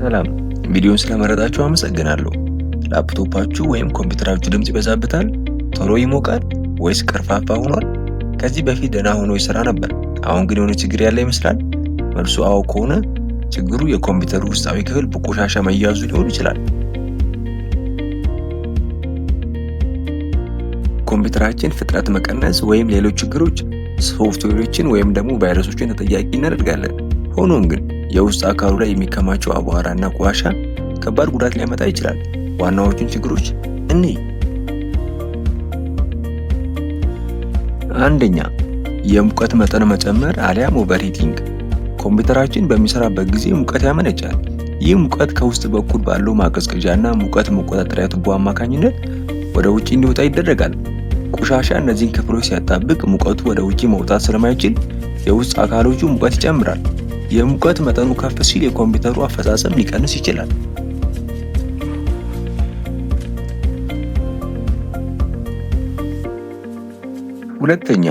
ሰላም፣ ቪዲዮን ስለመረጣችሁ አመሰግናለሁ። ላፕቶፓችሁ ወይም ኮምፒውተራችሁ ድምፅ ይበዛብታል? ቶሎ ይሞቃል? ወይስ ቀርፋፋ ሆኗል? ከዚህ በፊት ደህና ሆኖ ይሰራ ነበር፣ አሁን ግን የሆነ ችግር ያለ ይመስላል? መልሱ አዎ ከሆነ ችግሩ የኮምፒውተሩ ውስጣዊ ክፍል በቆሻሻ መያዙ ሊሆን ይችላል። ኮምፒውተራችን ፍጥነት መቀነስ ወይም ሌሎች ችግሮች ሶፍትዌሮችን ወይም ደግሞ ቫይረሶችን ተጠያቂ እናደርጋለን። ሆኖም ግን የውስጥ አካሉ ላይ የሚከማቸው አቧራና ቆሻሻ ከባድ ጉዳት ሊያመጣ ይችላል። ዋናዎቹን ችግሮች እኔ አንደኛ የሙቀት መጠን መጨመር አሊያም ኦቨርሂቲንግ። ኮምፒውተራችን በሚሰራበት ጊዜ ሙቀት ያመነጫል። ይህ ሙቀት ከውስጥ በኩል ባለው ማቀዝቀዣ እና ሙቀት መቆጣጠሪያ ቱቦ አማካኝነት ወደ ውጭ እንዲወጣ ይደረጋል። ቆሻሻ እነዚህን ክፍሎች ሲያጣብቅ ሙቀቱ ወደ ውጭ መውጣት ስለማይችል የውስጥ አካሎቹ ሙቀት ይጨምራል። የሙቀት መጠኑ ከፍ ሲል የኮምፒውተሩ አፈጻጸም ሊቀንስ ይችላል። ሁለተኛ፣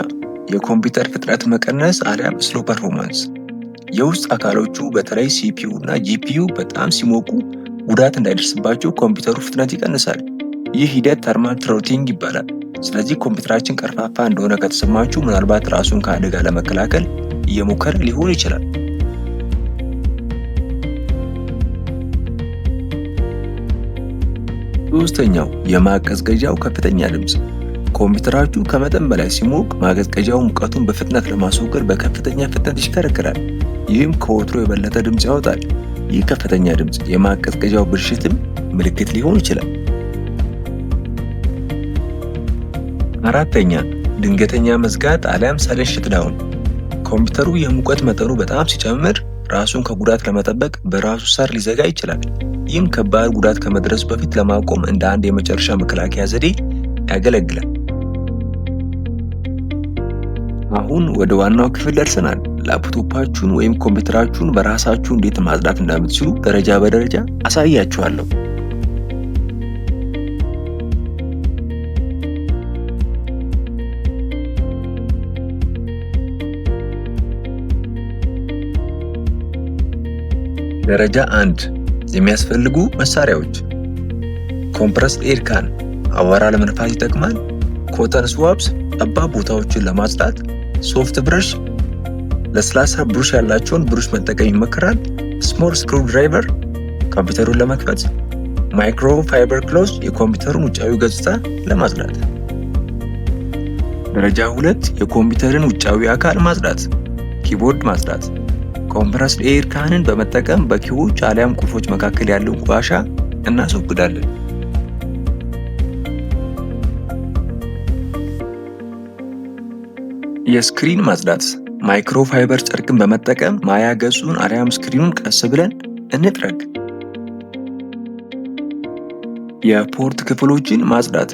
የኮምፒውተር ፍጥነት መቀነስ አሊያም ስሎ ፐርፎርማንስ። የውስጥ አካሎቹ በተለይ ሲፒዩ እና ጂፒዩ በጣም ሲሞቁ ጉዳት እንዳይደርስባቸው ኮምፒውተሩ ፍጥነት ይቀንሳል። ይህ ሂደት ተርማል ትሮቲንግ ይባላል። ስለዚህ ኮምፒውተራችን ቀርፋፋ እንደሆነ ከተሰማችሁ ምናልባት ራሱን ከአደጋ ለመከላከል እየሞከረ ሊሆን ይችላል። ሶስተኛው የማቀዝቀዣው ከፍተኛ ድምፅ። ኮምፒውተራችሁ ከመጠን በላይ ሲሞቅ ማቀዝቀዣው ሙቀቱን በፍጥነት ለማስወገድ በከፍተኛ ፍጥነት ይሽከረክራል። ይህም ከወትሮ የበለጠ ድምፅ ያወጣል። ይህ ከፍተኛ ድምፅ የማቀዝቀዣው ብልሽትም ምልክት ሊሆን ይችላል። አራተኛ ድንገተኛ መዝጋት አሊያም ሰደንሽት ዳውን። ኮምፒውተሩ የሙቀት መጠኑ በጣም ሲጨምር ራሱን ከጉዳት ለመጠበቅ በራሱ ሳር ሊዘጋ ይችላል። ይህም ከባድ ጉዳት ከመድረሱ በፊት ለማቆም እንደ አንድ የመጨረሻ መከላከያ ዘዴ ያገለግላል። አሁን ወደ ዋናው ክፍል ደርሰናል። ላፕቶፓችሁን ወይም ኮምፒውተራችሁን በራሳችሁ እንዴት ማጽዳት እንደምትችሉ ደረጃ በደረጃ አሳያችኋለሁ። ደረጃ አንድ የሚያስፈልጉ መሳሪያዎች ኮምፕረስድ ኤር ካን አቧራ ለመንፋት ይጠቅማል። ኮተን ስዋብስ ጠባብ ቦታዎችን ለማጽዳት። ሶፍት ብረሽ ለስላሳ ብሩሽ ያላቸውን ብሩሽ መጠቀም ይመከራል። ስሞል ስክሩ ድራይቨር ኮምፒውተሩን ለመክፈት። ማይክሮ ፋይበር ክሎዝ የኮምፒውተሩን ውጫዊ ገጽታ ለማጽዳት። ደረጃ ሁለት የኮምፒውተርን ውጫዊ አካል ማጽዳት፣ ኪቦርድ ማጽዳት ኮምፕረስድ ኤር ካንን በመጠቀም በኪዎች አሊያም ቁልፎች መካከል ያለውን ጓሻ እናስወግዳለን። የስክሪን ማጽዳት ማይክሮፋይበር ጨርቅን በመጠቀም ማያ ገጹን አሊያም ስክሪኑን ቀስ ብለን እንጥረግ። የፖርት ክፍሎችን ማጽዳት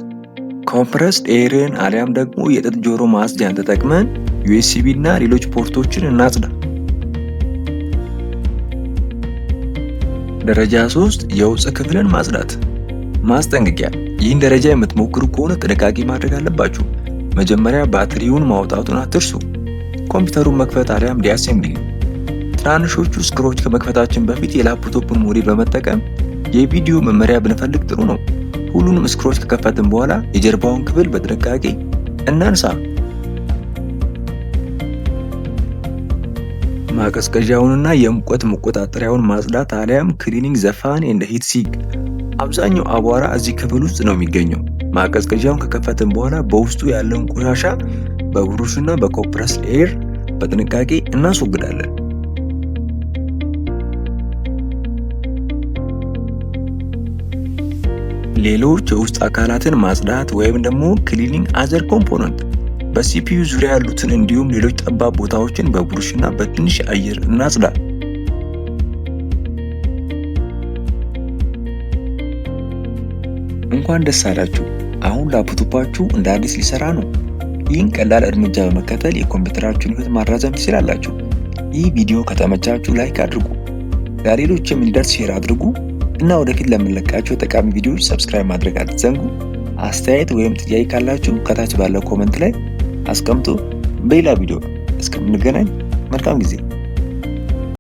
ኮምፕረስድ ኤርን አሊያም ደግሞ የጥጥ ጆሮ ማጽጃን ተጠቅመን ዩኤስቢ እና ሌሎች ፖርቶችን እናጽዳ። ደረጃ 3 የውጭ ክፍልን ማጽዳት። ማስጠንቀቂያ፣ ይህን ደረጃ የምትሞክሩ ከሆነ ጥንቃቄ ማድረግ አለባችሁ። መጀመሪያ ባትሪውን ማውጣቱን አትርሱ። ኮምፒውተሩን መክፈት አሊያም ዲአሴምብሊ። ትናንሾቹ ስክሮች ከመክፈታችን በፊት የላፕቶፕን ሞዲ በመጠቀም የቪዲዮ መመሪያ ብንፈልግ ጥሩ ነው። ሁሉንም ስክሮች ከከፈትን በኋላ የጀርባውን ክፍል በጥንቃቄ እናንሳ። ማቀዝቀዣውንና የሙቀት መቆጣጠሪያውን ማጽዳት አሊያም ክሊኒንግ ዘፋን ፋን ኤንድ ሂት ሲግ። አብዛኛው አቧራ እዚህ ክፍል ውስጥ ነው የሚገኘው። ማቀዝቀዣውን ከከፈትን በኋላ በውስጡ ያለውን ቆሻሻ በብሩሽና በኮፕረስ ኤር በጥንቃቄ እናስወግዳለን። ሌሎች የውስጥ አካላትን ማጽዳት ወይም ደግሞ ክሊኒንግ አዘር ኮምፖነንት በሲፒዩ ዙሪያ ያሉትን እንዲሁም ሌሎች ጠባብ ቦታዎችን በብሩሽና በትንሽ አየር እናጽዳ። እንኳን ደስ አላችሁ! አሁን ላፕቶፓችሁ እንደ አዲስ ሊሰራ ነው። ይህን ቀላል እርምጃ በመከተል የኮምፒውተራችሁን ህይወት ማራዘም ትችላላችሁ። ይህ ቪዲዮ ከተመቻችሁ ላይክ አድርጉ፣ ለሌሎችም እንዲደርስ ሼር አድርጉ እና ወደፊት ለምንለቃቸው ጠቃሚ ቪዲዮዎች ሰብስክራይብ ማድረግ አትዘንጉ። አስተያየት ወይም ጥያቄ ካላችሁ ከታች ባለው ኮመንት ላይ አስቀምጡ። በሌላ ቪዲዮ እስከምንገናኝ መልካም ጊዜ